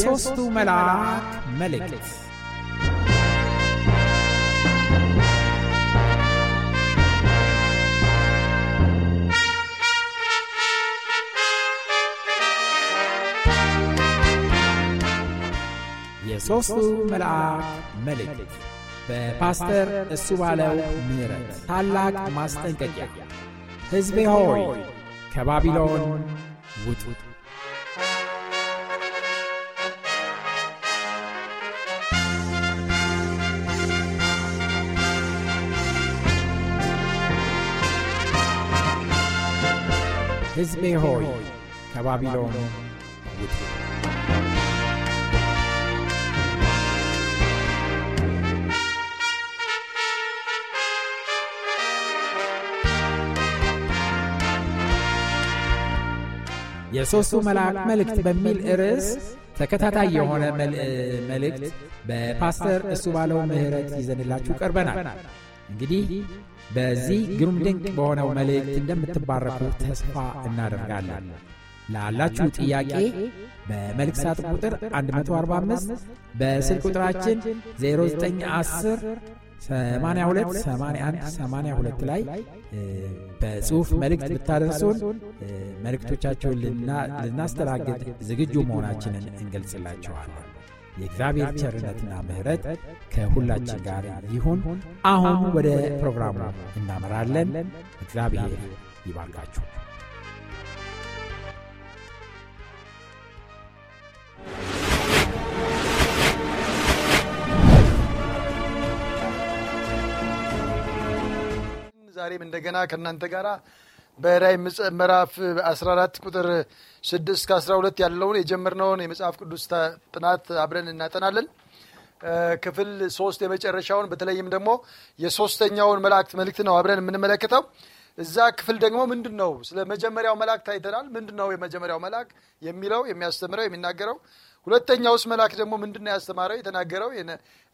የሦስቱ መልአክ መልእክት የሦስቱ መልአክ መልእክት በፓስተር እሱ ባለው ምሕረት ታላቅ ማስጠንቀቂያ ሕዝቤ ሆይ ከባቢሎን ውጡ ሕዝቤ ሆይ ከባቢሎን ውጡ። የሦስቱ መልአክ መልእክት በሚል ርዕስ ተከታታይ የሆነ መልእክት በፓስተር እሱ ባለው ምህረት ይዘንላችሁ ቀርበናል። እንግዲህ በዚህ ግሩም ድንቅ በሆነው መልእክት እንደምትባረኩ ተስፋ እናደርጋለን። ላላችሁ ጥያቄ በመልእክት ሳጥን ቁጥር 145 በስልክ ቁጥራችን 0910 82 81 82 ላይ በጽሑፍ መልእክት ብታደርሱን መልእክቶቻችሁን ልናስተናግድ ዝግጁ መሆናችንን እንገልጽላችኋለን። የእግዚአብሔር ቸርነትና ምሕረት ከሁላችን ጋር ይሁን። አሁን ወደ ፕሮግራሙ እናመራለን። እግዚአብሔር ይባርካችሁ። ዛሬም እንደገና ከእናንተ ጋር በራዕይ ምዕራፍ 14 ቁጥር 6 እስከ 12 ያለውን የጀመርነውን የመጽሐፍ ቅዱስ ጥናት አብረን እናጠናለን። ክፍል ሶስት የመጨረሻውን በተለይም ደግሞ የሶስተኛውን መላእክት መልእክት ነው አብረን የምንመለከተው። እዛ ክፍል ደግሞ ምንድን ነው ስለ መጀመሪያው መልአክ ታይተናል። ምንድን ነው የመጀመሪያው መልአክ የሚለው የሚያስተምረው የሚናገረው፣ ሁለተኛውስ መልአክ ደግሞ ምንድን ነው ያስተማረው የተናገረው፣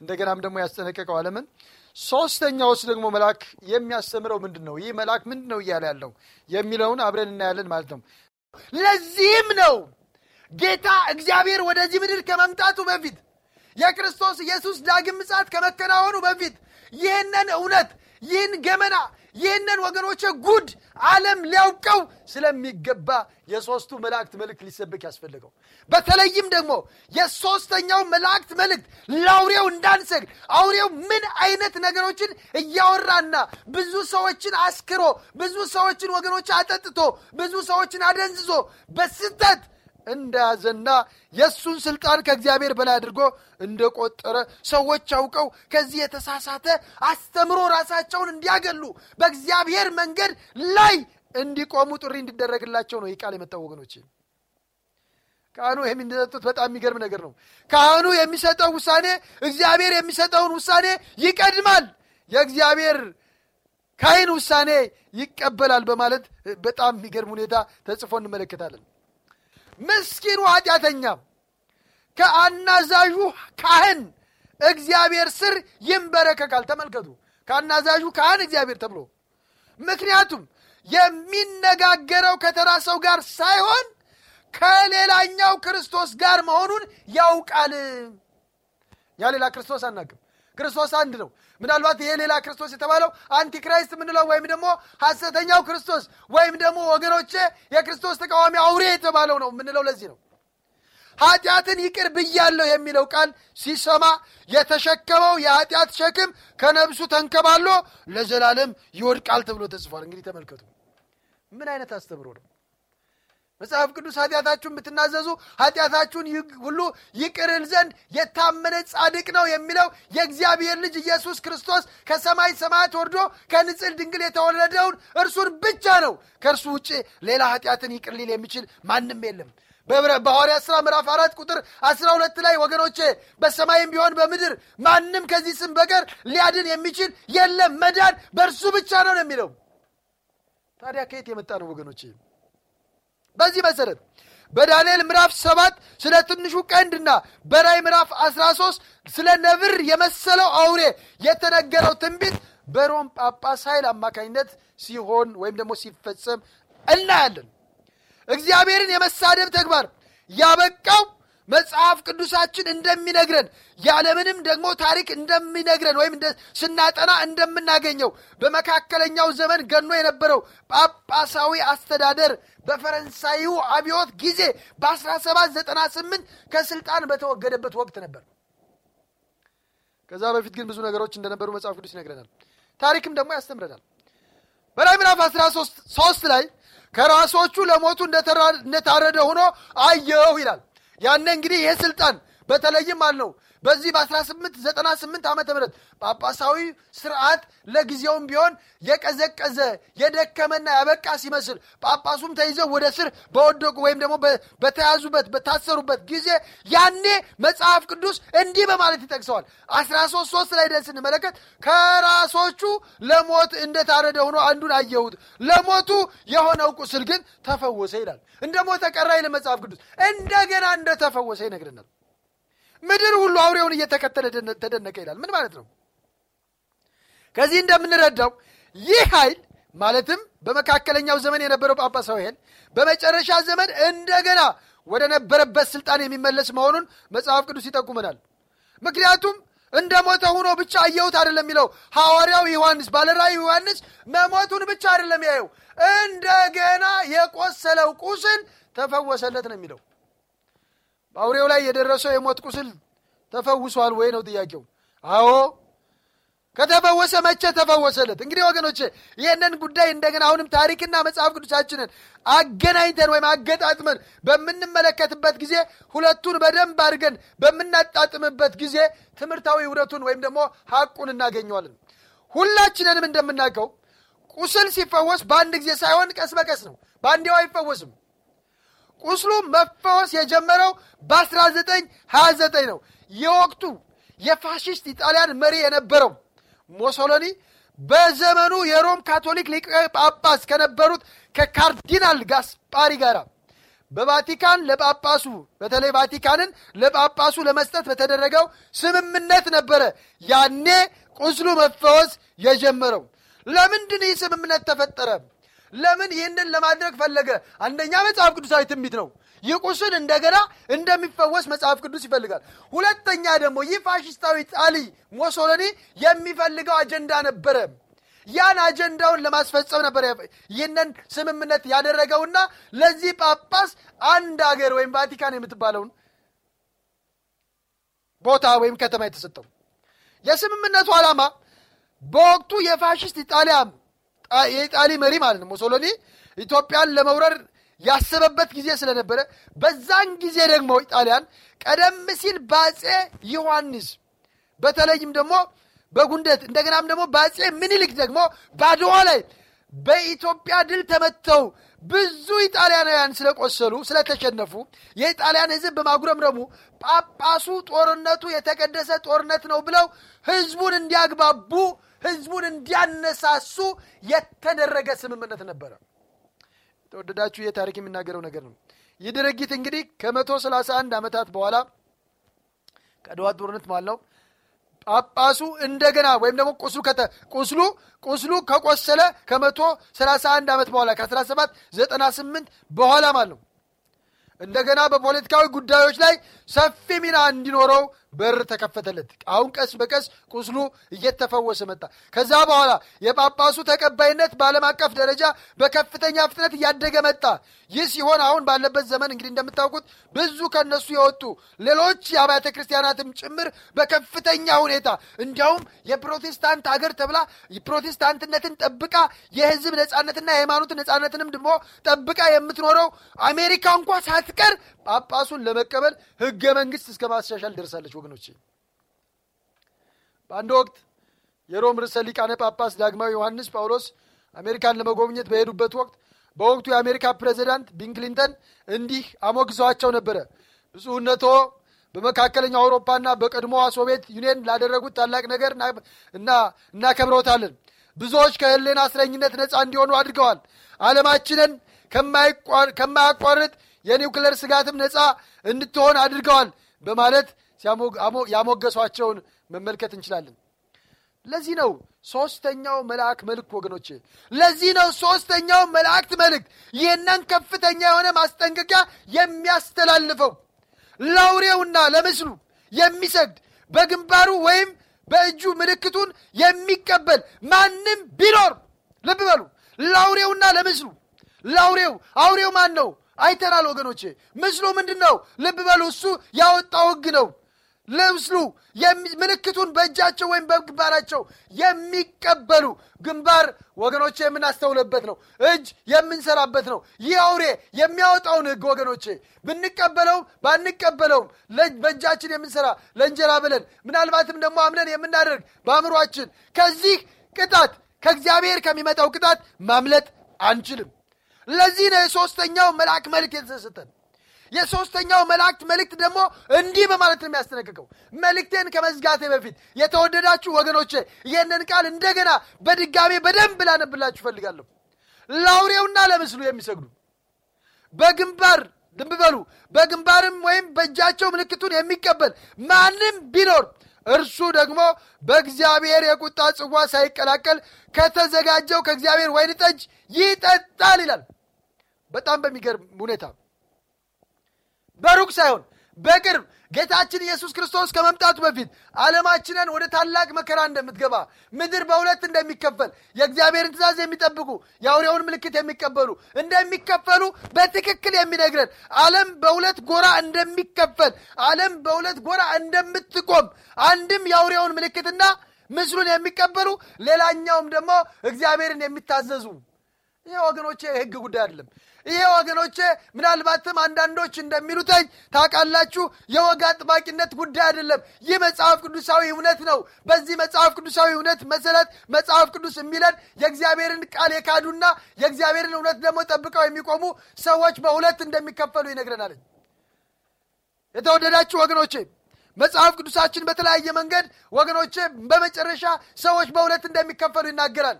እንደገናም ደግሞ ያስጠነቀቀው አለምን? ሶስተኛውስ ደግሞ መልአክ የሚያስተምረው ምንድን ነው? ይህ መልአክ ምንድን ነው እያለ ያለው የሚለውን አብረን እናያለን ማለት ነው። ለዚህም ነው ጌታ እግዚአብሔር ወደዚህ ምድር ከመምጣቱ በፊት የክርስቶስ ኢየሱስ ዳግም ምጻት ከመከናወኑ በፊት ይህንን እውነት ይህን ገመና ይህንን ወገኖች ጉድ ዓለም ሊያውቀው ስለሚገባ የሦስቱ መላእክት መልእክት ሊሰበክ ያስፈልገው በተለይም ደግሞ የሶስተኛው መላእክት መልእክት ለአውሬው እንዳንሰግድ አውሬው ምን አይነት ነገሮችን እያወራና ብዙ ሰዎችን አስክሮ ብዙ ሰዎችን ወገኖች አጠጥቶ ብዙ ሰዎችን አደንዝዞ በስተት እንደያዘና የእሱን ስልጣን ከእግዚአብሔር በላይ አድርጎ እንደቆጠረ ሰዎች አውቀው ከዚህ የተሳሳተ አስተምሮ ራሳቸውን እንዲያገሉ በእግዚአብሔር መንገድ ላይ እንዲቆሙ ጥሪ እንዲደረግላቸው ነው ይህ ቃል የመጣው ወገኖችን ካህኑ ይህም በጣም የሚገርም ነገር ነው። ካህኑ የሚሰጠው ውሳኔ እግዚአብሔር የሚሰጠውን ውሳኔ ይቀድማል። የእግዚአብሔር ካይን ውሳኔ ይቀበላል በማለት በጣም የሚገርም ሁኔታ ተጽፎ እንመለከታለን። ምስኪኑ ኃጢአተኛ ከአናዛዡ ካህን እግዚአብሔር ስር ይንበረከካል። ተመልከቱ፣ ከአናዛዡ ካህን እግዚአብሔር ተብሎ ምክንያቱም የሚነጋገረው ከተራ ሰው ጋር ሳይሆን ከሌላኛው ክርስቶስ ጋር መሆኑን ያውቃል። እኛ ሌላ ክርስቶስ አናቅም። ክርስቶስ አንድ ነው። ምናልባት ይሄ ሌላ ክርስቶስ የተባለው አንቲክራይስት የምንለው ወይም ደግሞ ሐሰተኛው ክርስቶስ ወይም ደግሞ ወገኖቼ የክርስቶስ ተቃዋሚ አውሬ የተባለው ነው የምንለው ለዚህ ነው። ኃጢአትን ይቅር ብያለሁ የሚለው ቃል ሲሰማ የተሸከመው የኃጢአት ሸክም ከነብሱ ተንከባሎ ለዘላለም ይወድቃል ተብሎ ተጽፏል። እንግዲህ ተመልከቱ፣ ምን አይነት አስተምሮ ነው? መጽሐፍ ቅዱስ ኃጢአታችሁን ብትናዘዙ ኃጢአታችሁን ሁሉ ይቅርል ዘንድ የታመነ ጻድቅ ነው የሚለው የእግዚአብሔር ልጅ ኢየሱስ ክርስቶስ ከሰማይ ሰማያት ወርዶ ከንጽል ድንግል የተወለደውን እርሱን ብቻ ነው። ከእርሱ ውጭ ሌላ ኃጢአትን ይቅር ሊል የሚችል ማንም የለም። በሐዋርያት ሥራ ምዕራፍ አራት ቁጥር አስራ ሁለት ላይ ወገኖቼ በሰማይም ቢሆን በምድር ማንም ከዚህ ስም በቀር ሊያድን የሚችል የለም፣ መዳን በእርሱ ብቻ ነው ነው የሚለው። ታዲያ ከየት የመጣ ነው ወገኖቼ? በዚህ መሰረት በዳንኤል ምዕራፍ ሰባት ስለ ትንሹ ቀንድና በራይ ምዕራፍ 13 ስለ ነብር የመሰለው አውሬ የተነገረው ትንቢት በሮም ጳጳስ ኃይል አማካኝነት ሲሆን ወይም ደግሞ ሲፈጸም እናያለን። እግዚአብሔርን የመሳደብ ተግባር ያበቃው መጽሐፍ ቅዱሳችን እንደሚነግረን ያለምንም ደግሞ ታሪክ እንደሚነግረን ወይም ስናጠና እንደምናገኘው በመካከለኛው ዘመን ገኖ የነበረው ጳጳሳዊ አስተዳደር በፈረንሳዩ አብዮት ጊዜ በ1798 ከስልጣን በተወገደበት ወቅት ነበር። ከዛ በፊት ግን ብዙ ነገሮች እንደነበሩ መጽሐፍ ቅዱስ ይነግረናል። ታሪክም ደግሞ ያስተምረናል። በላይ ምዕራፍ 13 ላይ ከራሶቹ ለሞቱ እንደታረደ ሆኖ አየሁ ይላል። ያነ እንግዲህ ይህ ስልጣን በተለይም አልነው በዚህ በ1898 ዓ ም ጳጳሳዊ ስርዓት ለጊዜውም ቢሆን የቀዘቀዘ የደከመና ያበቃ ሲመስል ጳጳሱም ተይዘው ወደ ስር በወደቁ ወይም ደግሞ በተያዙበት በታሰሩበት ጊዜ ያኔ መጽሐፍ ቅዱስ እንዲህ በማለት ይጠቅሰዋል። 13 ላይ ደን ስንመለከት ከራሶቹ ለሞት እንደታረደ ሆኖ አንዱን አየሁት፣ ለሞቱ የሆነው ቁስል ግን ተፈወሰ ይላል። እንደ ሞተ ቀራ ይለ መጽሐፍ ቅዱስ እንደገና እንደተፈወሰ ይነግረናል። ምድር ሁሉ አውሬውን እየተከተለ ተደነቀ ይላል። ምን ማለት ነው? ከዚህ እንደምንረዳው ይህ ኃይል ማለትም በመካከለኛው ዘመን የነበረው ጳጳሳዊ ኃይል በመጨረሻ ዘመን እንደገና ወደ ነበረበት ስልጣን የሚመለስ መሆኑን መጽሐፍ ቅዱስ ይጠቁመናል። ምክንያቱም እንደ ሞተ ሆኖ ብቻ አየሁት አይደለም የሚለው ሐዋርያው ዮሐንስ ባለራዊ ዮሐንስ መሞቱን ብቻ አይደለም ያየው፣ እንደገና የቆሰለው ቁስል ተፈወሰለት ነው የሚለው በአውሬው ላይ የደረሰው የሞት ቁስል ተፈውሷል ወይ ነው ጥያቄው። አዎ ከተፈወሰ መቼ ተፈወሰለት? እንግዲህ ወገኖች ይህንን ጉዳይ እንደገና አሁንም ታሪክና መጽሐፍ ቅዱሳችንን አገናኝተን ወይም አገጣጥመን በምንመለከትበት ጊዜ ሁለቱን በደንብ አድርገን በምናጣጥምበት ጊዜ ትምህርታዊ እውነቱን ወይም ደግሞ ሐቁን እናገኘዋለን። ሁላችንንም እንደምናውቀው ቁስል ሲፈወስ በአንድ ጊዜ ሳይሆን ቀስ በቀስ ነው። በአንዴው አይፈወስም። ቁስሉ መፈወስ የጀመረው በ1929 ነው። የወቅቱ የፋሽስት ኢጣሊያን መሪ የነበረው ሞሶሎኒ በዘመኑ የሮም ካቶሊክ ሊቀ ጳጳስ ከነበሩት ከካርዲናል ጋስፓሪ ጋር በቫቲካን ለጳጳሱ በተለይ ቫቲካንን ለጳጳሱ ለመስጠት በተደረገው ስምምነት ነበረ ያኔ ቁስሉ መፈወስ የጀመረው። ለምንድን ይህ ስምምነት ተፈጠረ? ለምን ይህንን ለማድረግ ፈለገ? አንደኛ መጽሐፍ ቅዱሳዊ ትንቢት ነው። ይህ እንደገና እንደሚፈወስ መጽሐፍ ቅዱስ ይፈልጋል። ሁለተኛ ደግሞ ይህ ፋሽስታዊ ጣሊ ሞሶሎኒ የሚፈልገው አጀንዳ ነበረ። ያን አጀንዳውን ለማስፈጸም ነበር ይህንን ስምምነት ያደረገውና ለዚህ ጳጳስ አንድ አገር ወይም ቫቲካን የምትባለውን ቦታ ወይም ከተማ የተሰጠው። የስምምነቱ ዓላማ በወቅቱ የፋሽስት ኢጣሊያ የኢጣሊ መሪ ማለት ነው ሞሶሎኒ ኢትዮጵያን ለመውረር ያሰበበት ጊዜ ስለነበረ በዛን ጊዜ ደግሞ ኢጣሊያን ቀደም ሲል በአጼ ዮሐንስ በተለይም ደግሞ በጉንደት እንደገናም ደግሞ በአጼ ምኒልክ ደግሞ ባድዋ ላይ በኢትዮጵያ ድል ተመተው ብዙ ኢጣሊያናውያን ስለቆሰሉ ስለተሸነፉ የኢጣሊያን ህዝብ በማጉረምረሙ ጳጳሱ ጦርነቱ የተቀደሰ ጦርነት ነው ብለው ህዝቡን እንዲያግባቡ ህዝቡን እንዲያነሳሱ የተደረገ ስምምነት ነበረ። ተወደዳችሁ፣ ይህ ታሪክ የሚናገረው ነገር ነው። ይህ ድርጊት እንግዲህ ከመቶ ሰላሳ አንድ ዓመታት በኋላ ከአድዋ ጦርነት ማለት ነው ጳጳሱ እንደገና ወይም ደግሞ ቁስሉ ከተ ቁስሉ ቁስሉ ከቆሰለ ከመቶ ሰላሳ አንድ ዓመት በኋላ ከአስራ ሰባት ዘጠና ስምንት በኋላ ማለት ነው እንደገና በፖለቲካዊ ጉዳዮች ላይ ሰፊ ሚና እንዲኖረው በር ተከፈተለት። አሁን ቀስ በቀስ ቁስሉ እየተፈወሰ መጣ። ከዛ በኋላ የጳጳሱ ተቀባይነት በዓለም አቀፍ ደረጃ በከፍተኛ ፍጥነት እያደገ መጣ። ይህ ሲሆን አሁን ባለበት ዘመን እንግዲህ እንደምታውቁት ብዙ ከነሱ የወጡ ሌሎች የአብያተ ክርስቲያናትም ጭምር በከፍተኛ ሁኔታ እንዲያውም የፕሮቴስታንት አገር ተብላ ፕሮቴስታንትነትን ጠብቃ የህዝብ ነጻነትና የሃይማኖት ነጻነትንም ድሞ ጠብቃ የምትኖረው አሜሪካ እንኳ ሳትቀር ጳጳሱን ለመቀበል ህገ መንግስት እስከ ማስሻሻል ደርሳለች። ወገኖቼ በአንድ ወቅት የሮም ርዕሰ ሊቃነ ጳጳስ ዳግማዊ ዮሐንስ ጳውሎስ አሜሪካን ለመጎብኘት በሄዱበት ወቅት በወቅቱ የአሜሪካ ፕሬዚዳንት ቢል ክሊንተን እንዲህ አሞግሰዋቸው ነበረ። ብፁዕነቶ በመካከለኛው አውሮፓና በቀድሞዋ ሶቪየት ዩኒየን ላደረጉት ታላቅ ነገር እና እናከብረውታለን። ብዙዎች ከህሌን አስረኝነት ነፃ እንዲሆኑ አድርገዋል። ዓለማችንን ከማያቋርጥ የኒውክሌር ስጋትም ነፃ እንድትሆን አድርገዋል በማለት ያሞገሷቸውን መመልከት እንችላለን። ለዚህ ነው ሶስተኛው መልአክ መልክ ወገኖች፣ ለዚህ ነው ሶስተኛው መልአክት መልክ ይህንን ከፍተኛ የሆነ ማስጠንቀቂያ የሚያስተላልፈው ለአውሬውና ለምስሉ የሚሰግድ በግንባሩ ወይም በእጁ ምልክቱን የሚቀበል ማንም ቢኖር ልብ በሉ። ለአውሬውና ለምስሉ ለአውሬው አውሬው ማን ነው? አይተናል ወገኖቼ። ምስሉ ምንድን ነው? ልብ በሉ። እሱ ያወጣው ህግ ነው። ለምስሉ ምልክቱን በእጃቸው ወይም በግንባራቸው የሚቀበሉ ግንባር ወገኖቼ የምናስተውልበት ነው። እጅ የምንሰራበት ነው። ይህ አውሬ የሚያወጣውን ህግ ወገኖቼ ብንቀበለውም ባንቀበለውም በእጃችን የምንሰራ ለእንጀራ ብለን ምናልባትም ደግሞ አምነን የምናደርግ በአእምሯችን ከዚህ ቅጣት ከእግዚአብሔር ከሚመጣው ቅጣት ማምለጥ አንችልም። ለዚህ ነው የሶስተኛው መልአክ መልክ የተሰሰተን የሦስተኛው መላእክት መልእክት ደግሞ እንዲህ በማለት ነው የሚያስጠነቅቀው፣ መልእክቴን ከመዝጋቴ በፊት የተወደዳችሁ ወገኖቼ ይህንን ቃል እንደገና በድጋሜ በደንብ ላነብላችሁ እፈልጋለሁ። ለአውሬውና ለምስሉ የሚሰግዱ በግንባር ድንብ በሉ፣ በግንባርም ወይም በእጃቸው ምልክቱን የሚቀበል ማንም ቢኖር እርሱ ደግሞ በእግዚአብሔር የቁጣ ጽዋ ሳይቀላቀል ከተዘጋጀው ከእግዚአብሔር ወይን ጠጅ ይጠጣል ይላል። በጣም በሚገርም ሁኔታ በሩቅ ሳይሆን በቅርብ ጌታችን ኢየሱስ ክርስቶስ ከመምጣቱ በፊት ዓለማችንን ወደ ታላቅ መከራ እንደምትገባ ምድር በሁለት እንደሚከፈል የእግዚአብሔርን ትእዛዝ የሚጠብቁ የአውሬውን ምልክት የሚቀበሉ እንደሚከፈሉ በትክክል የሚነግረን ዓለም በሁለት ጎራ እንደሚከፈል ዓለም በሁለት ጎራ እንደምትቆም አንድም የአውሬውን ምልክትና ምስሉን የሚቀበሉ ሌላኛውም ደግሞ እግዚአብሔርን የሚታዘዙ ይህ ወገኖቼ የህግ ጉዳይ አይደለም ይሄ ወገኖቼ ምናልባትም አንዳንዶች እንደሚሉተኝ ታውቃላችሁ የወግ አጥባቂነት ጉዳይ አይደለም። ይህ መጽሐፍ ቅዱሳዊ እውነት ነው። በዚህ መጽሐፍ ቅዱሳዊ እውነት መሰረት መጽሐፍ ቅዱስ የሚለን የእግዚአብሔርን ቃል የካዱና የእግዚአብሔርን እውነት ደግሞ ጠብቀው የሚቆሙ ሰዎች በሁለት እንደሚከፈሉ ይነግረናል። የተወደዳችሁ ወገኖቼ መጽሐፍ ቅዱሳችን በተለያየ መንገድ ወገኖቼ በመጨረሻ ሰዎች በሁለት እንደሚከፈሉ ይናገራል።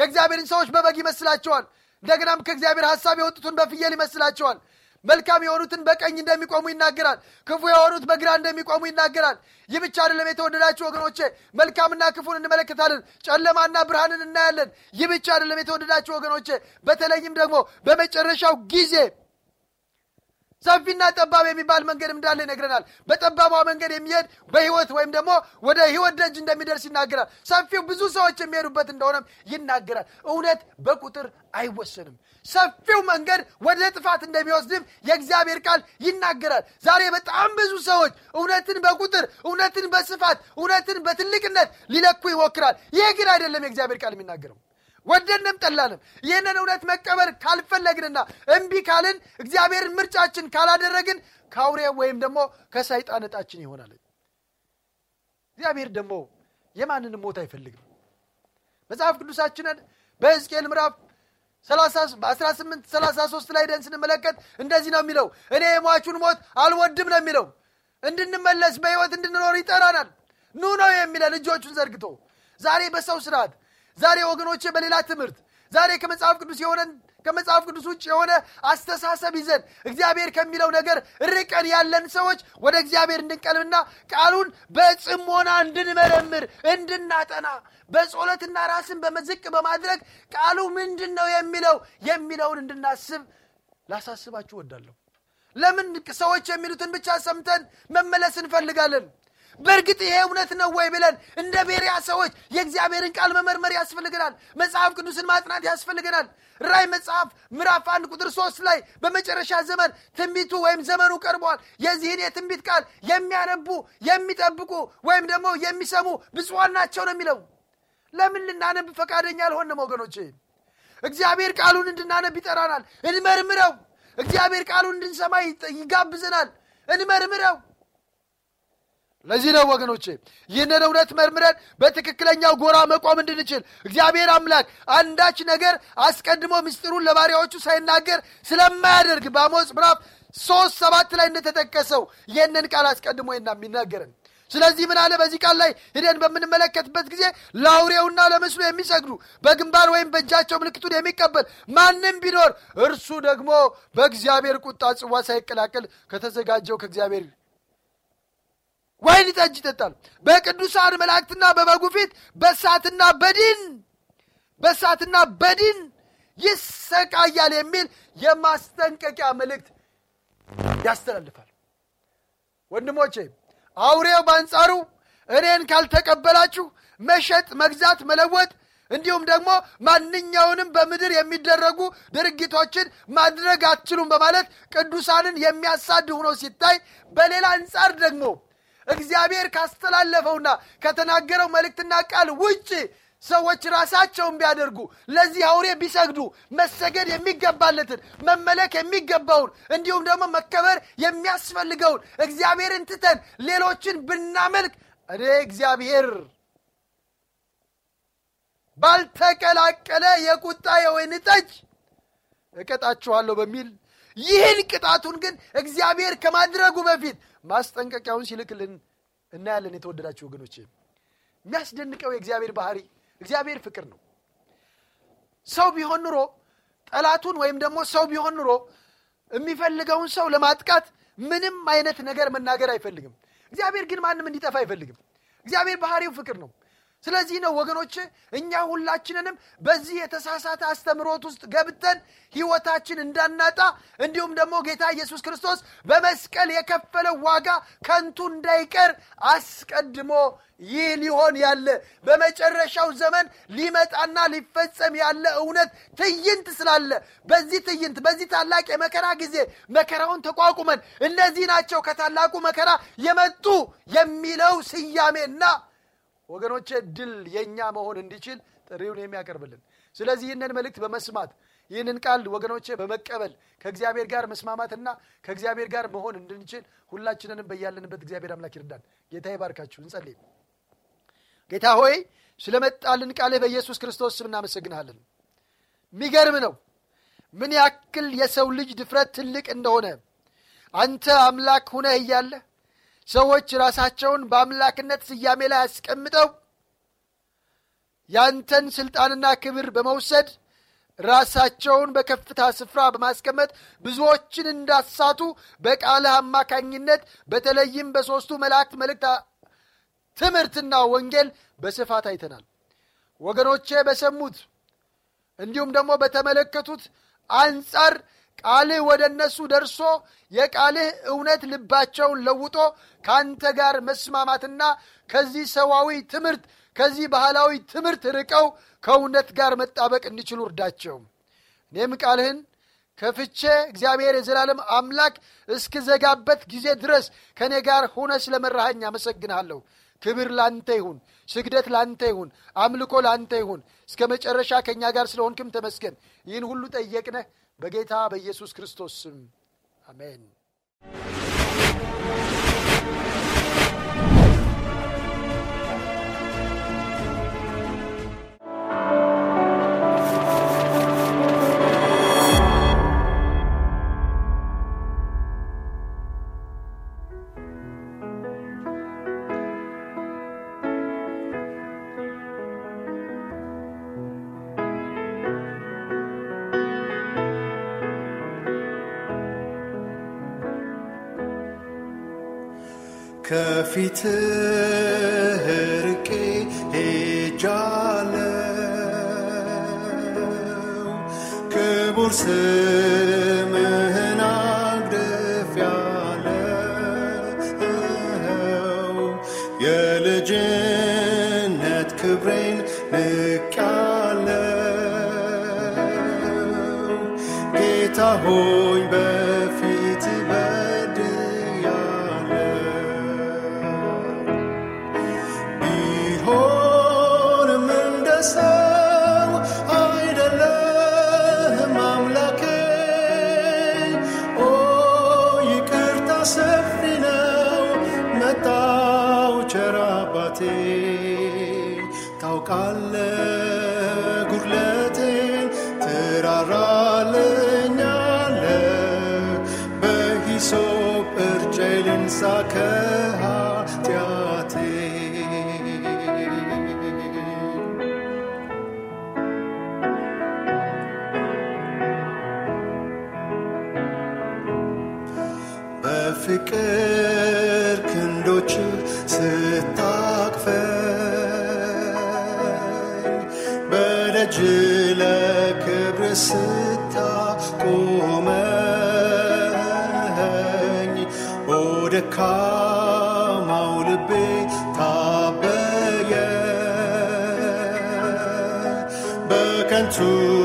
የእግዚአብሔርን ሰዎች በበግ ይመስላቸዋል። እንደገናም ከእግዚአብሔር ሐሳብ የወጡትን በፍየል ይመስላቸዋል። መልካም የሆኑትን በቀኝ እንደሚቆሙ ይናገራል። ክፉ የሆኑት በግራ እንደሚቆሙ ይናገራል። ይህ ብቻ አደለም የተወደዳችሁ ወገኖቼ፣ መልካምና ክፉን እንመለከታለን፣ ጨለማና ብርሃንን እናያለን። ይህ ብቻ አደለም የተወደዳችሁ ወገኖቼ፣ በተለይም ደግሞ በመጨረሻው ጊዜ ሰፊና ጠባብ የሚባል መንገድ እንዳለ ይነግረናል። በጠባቧ መንገድ የሚሄድ በህይወት ወይም ደግሞ ወደ ህይወት ደጅ እንደሚደርስ ይናገራል። ሰፊው ብዙ ሰዎች የሚሄዱበት እንደሆነም ይናገራል። እውነት በቁጥር አይወሰንም። ሰፊው መንገድ ወደ ጥፋት እንደሚወስድም የእግዚአብሔር ቃል ይናገራል። ዛሬ በጣም ብዙ ሰዎች እውነትን በቁጥር እውነትን በስፋት እውነትን በትልቅነት ሊለኩ ይሞክራል። ይህ ግን አይደለም የእግዚአብሔር ቃል የሚናገረው። ወደንም ጠላንም ይህንን እውነት መቀበል ካልፈለግንና እምቢ ካልን እግዚአብሔርን ምርጫችን ካላደረግን ከአውሬ ወይም ደግሞ ከሰይጣን ዕጣችን ይሆናል። እግዚአብሔር ደግሞ የማንንም ሞት አይፈልግም። መጽሐፍ ቅዱሳችንን በሕዝቅኤል ምዕራፍ ሰላሳ ሶስት ላይ ደን ስንመለከት እንደዚህ ነው የሚለው እኔ የሟቹን ሞት አልወድም ነው የሚለው እንድንመለስ በሕይወት እንድንኖር ይጠራናል ኑ ነው የሚለን እጆቹን ዘርግቶ ዛሬ በሰው ስርዓት ዛሬ ወገኖቼ በሌላ ትምህርት ዛሬ ከመጽሐፍ ቅዱስ የሆነን ከመጽሐፍ ቅዱስ ውጭ የሆነ አስተሳሰብ ይዘን እግዚአብሔር ከሚለው ነገር ርቀን ያለን ሰዎች ወደ እግዚአብሔር እንድንቀልብና ቃሉን በጽሞና እንድንመረምር እንድናጠና በጾለትና ራስን በመዝቅ በማድረግ ቃሉ ምንድን ነው የሚለው የሚለውን እንድናስብ ላሳስባችሁ ወዳለሁ። ለምን ሰዎች የሚሉትን ብቻ ሰምተን መመለስ እንፈልጋለን? በእርግጥ ይሄ እውነት ነው ወይ ብለን እንደ ቤሪያ ሰዎች የእግዚአብሔርን ቃል መመርመር ያስፈልገናል። መጽሐፍ ቅዱስን ማጥናት ያስፈልገናል። ራይ መጽሐፍ ምዕራፍ አንድ ቁጥር ሶስት ላይ በመጨረሻ ዘመን ትንቢቱ ወይም ዘመኑ ቀርቧል፣ የዚህን የትንቢት ቃል የሚያነቡ የሚጠብቁ ወይም ደግሞ የሚሰሙ ብፅዋን ናቸው ነው የሚለው። ለምን ልናነብ ፈቃደኛ አልሆንም ወገኖች እግዚአብሔር ቃሉን እንድናነብ ይጠራናል። እንመርምረው። እግዚአብሔር ቃሉን እንድንሰማ ይጋብዘናል። እንመርምረው። ለዚህ ነው ወገኖቼ ይህንን እውነት መርምረን በትክክለኛው ጎራ መቆም እንድንችል እግዚአብሔር አምላክ አንዳች ነገር አስቀድሞ ምስጢሩን ለባሪያዎቹ ሳይናገር ስለማያደርግ በአሞጽ ምራፍ ሶስት ሰባት ላይ እንደተጠቀሰው ይህንን ቃል አስቀድሞ የሚናገርን ስለዚህ ምን አለ በዚህ ቃል ላይ ሂደን በምንመለከትበት ጊዜ ለአውሬውና ለምስሉ የሚሰግዱ በግንባር ወይም በእጃቸው ምልክቱን የሚቀበል ማንም ቢኖር እርሱ ደግሞ በእግዚአብሔር ቁጣ ጽዋ ሳይቀላቅል ከተዘጋጀው ከእግዚአብሔር ወይን ጠጅ ይጠጣል። በቅዱሳን መላእክትና በበጉ ፊት በሳትና በዲን በሳትና በዲን ይሰቃያል የሚል የማስጠንቀቂያ መልእክት ያስተላልፋል። ወንድሞቼ አውሬው በአንጻሩ እኔን ካልተቀበላችሁ መሸጥ፣ መግዛት፣ መለወጥ እንዲሁም ደግሞ ማንኛውንም በምድር የሚደረጉ ድርጊቶችን ማድረግ አትችሉም በማለት ቅዱሳንን የሚያሳድ ሆኖ ሲታይ፣ በሌላ አንጻር ደግሞ እግዚአብሔር ካስተላለፈውና ከተናገረው መልእክትና ቃል ውጭ ሰዎች ራሳቸውን ቢያደርጉ ለዚህ አውሬ ቢሰግዱ መሰገድ የሚገባለትን መመለክ የሚገባውን እንዲሁም ደግሞ መከበር የሚያስፈልገውን እግዚአብሔርን ትተን ሌሎችን ብናመልክ እኔ እግዚአብሔር ባልተቀላቀለ የቁጣ የወይን ጠጅ እቀጣችኋለሁ በሚል ይህን ቅጣቱን ግን እግዚአብሔር ከማድረጉ በፊት ማስጠንቀቂያውን ሲልክልን እናያለን። የተወደዳችሁ ወገኖች፣ የሚያስደንቀው የእግዚአብሔር ባህሪ እግዚአብሔር ፍቅር ነው። ሰው ቢሆን ኑሮ ጠላቱን ወይም ደግሞ ሰው ቢሆን ኑሮ የሚፈልገውን ሰው ለማጥቃት ምንም አይነት ነገር መናገር አይፈልግም። እግዚአብሔር ግን ማንም እንዲጠፋ አይፈልግም። እግዚአብሔር ባህሪው ፍቅር ነው። ስለዚህ ነው ወገኖች እኛ ሁላችንንም በዚህ የተሳሳተ አስተምሮት ውስጥ ገብተን ህይወታችን እንዳናጣ እንዲሁም ደግሞ ጌታ ኢየሱስ ክርስቶስ በመስቀል የከፈለው ዋጋ ከንቱ እንዳይቀር አስቀድሞ ይህ ሊሆን ያለ በመጨረሻው ዘመን ሊመጣና ሊፈጸም ያለ እውነት ትዕይንት ስላለ በዚህ ትይንት በዚህ ታላቅ የመከራ ጊዜ መከራውን ተቋቁመን እነዚህ ናቸው ከታላቁ መከራ የመጡ የሚለው ስያሜና ወገኖቼ ድል የእኛ መሆን እንዲችል ጥሪውን የሚያቀርብልን። ስለዚህ ይህንን መልእክት በመስማት ይህንን ቃል ወገኖቼ በመቀበል ከእግዚአብሔር ጋር መስማማትና ከእግዚአብሔር ጋር መሆን እንድንችል ሁላችንንም በያለንበት እግዚአብሔር አምላክ ይርዳን። ጌታ ይባርካችሁ። እንጸልይ። ጌታ ሆይ ስለመጣልን ቃልህ በኢየሱስ ክርስቶስ ስም እናመሰግንሃለን። የሚገርም ነው ምን ያክል የሰው ልጅ ድፍረት ትልቅ እንደሆነ አንተ አምላክ ሁነህ እያለህ ሰዎች ራሳቸውን በአምላክነት ስያሜ ላይ አስቀምጠው ያንተን ስልጣንና ክብር በመውሰድ ራሳቸውን በከፍታ ስፍራ በማስቀመጥ ብዙዎችን እንዳሳቱ በቃልህ አማካኝነት በተለይም በሦስቱ መላእክት መልእክት ትምህርትና ወንጌል በስፋት አይተናል። ወገኖቼ በሰሙት እንዲሁም ደግሞ በተመለከቱት አንጻር ቃልህ ወደ እነሱ ደርሶ የቃልህ እውነት ልባቸውን ለውጦ ከአንተ ጋር መስማማትና ከዚህ ሰዋዊ ትምህርት ከዚህ ባህላዊ ትምህርት ርቀው ከእውነት ጋር መጣበቅ እንዲችሉ እርዳቸው። እኔም ቃልህን ከፍቼ እግዚአብሔር የዘላለም አምላክ እስክዘጋበት ጊዜ ድረስ ከእኔ ጋር ሆነ ስለመራሃኝ አመሰግንሃለሁ። ክብር ላንተ ይሁን፣ ስግደት ላንተ ይሁን፣ አምልኮ ላንተ ይሁን። እስከ መጨረሻ ከእኛ ጋር ስለሆንክም ተመስገን። ይህን ሁሉ ጠየቅነህ በጌታ በኢየሱስ ክርስቶስ ስም አሜን። ከፊት ርቄ ሄጃለሁ ክቡር ጉዳቴን ታውቃለ ጉድለቴን ትራራልኛለ በሂሶ እርጨ to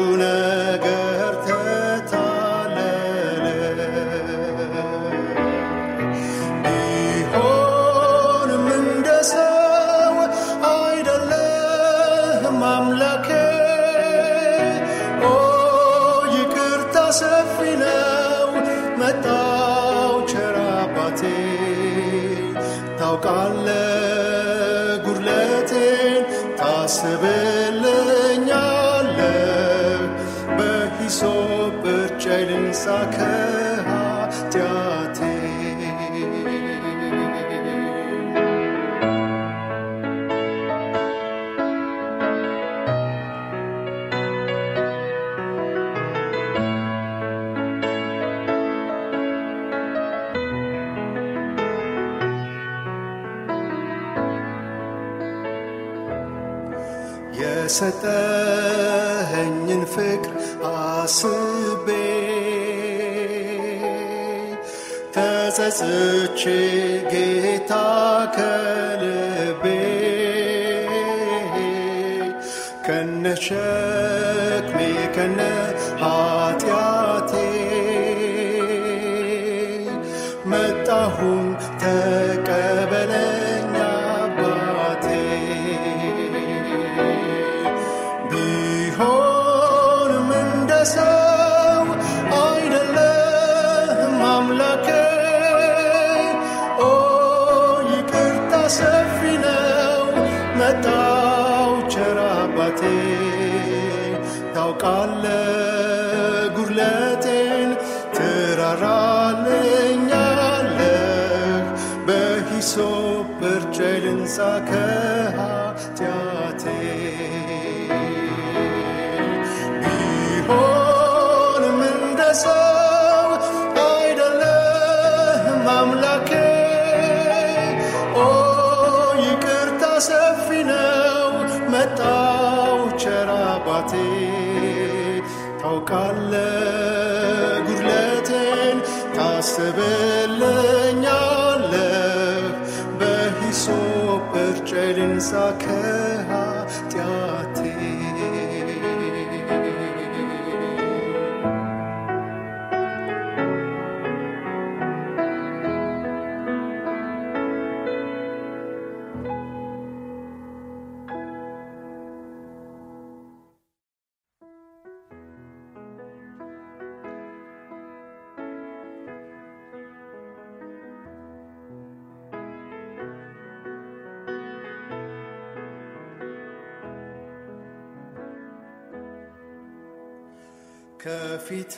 የሰጠኸኝን ፍቅር አስቤ ተጸጽቼ ጌታ ታውቃለ ጉድለቴን ትራራልኛለህ በሂሶብ ብርጭ ልንጻ ከኃጢአቴ ቢሆንም ታውቃለ ጉድለቴን ታስብልኛለ በሂሶ ከፊት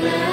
Yeah.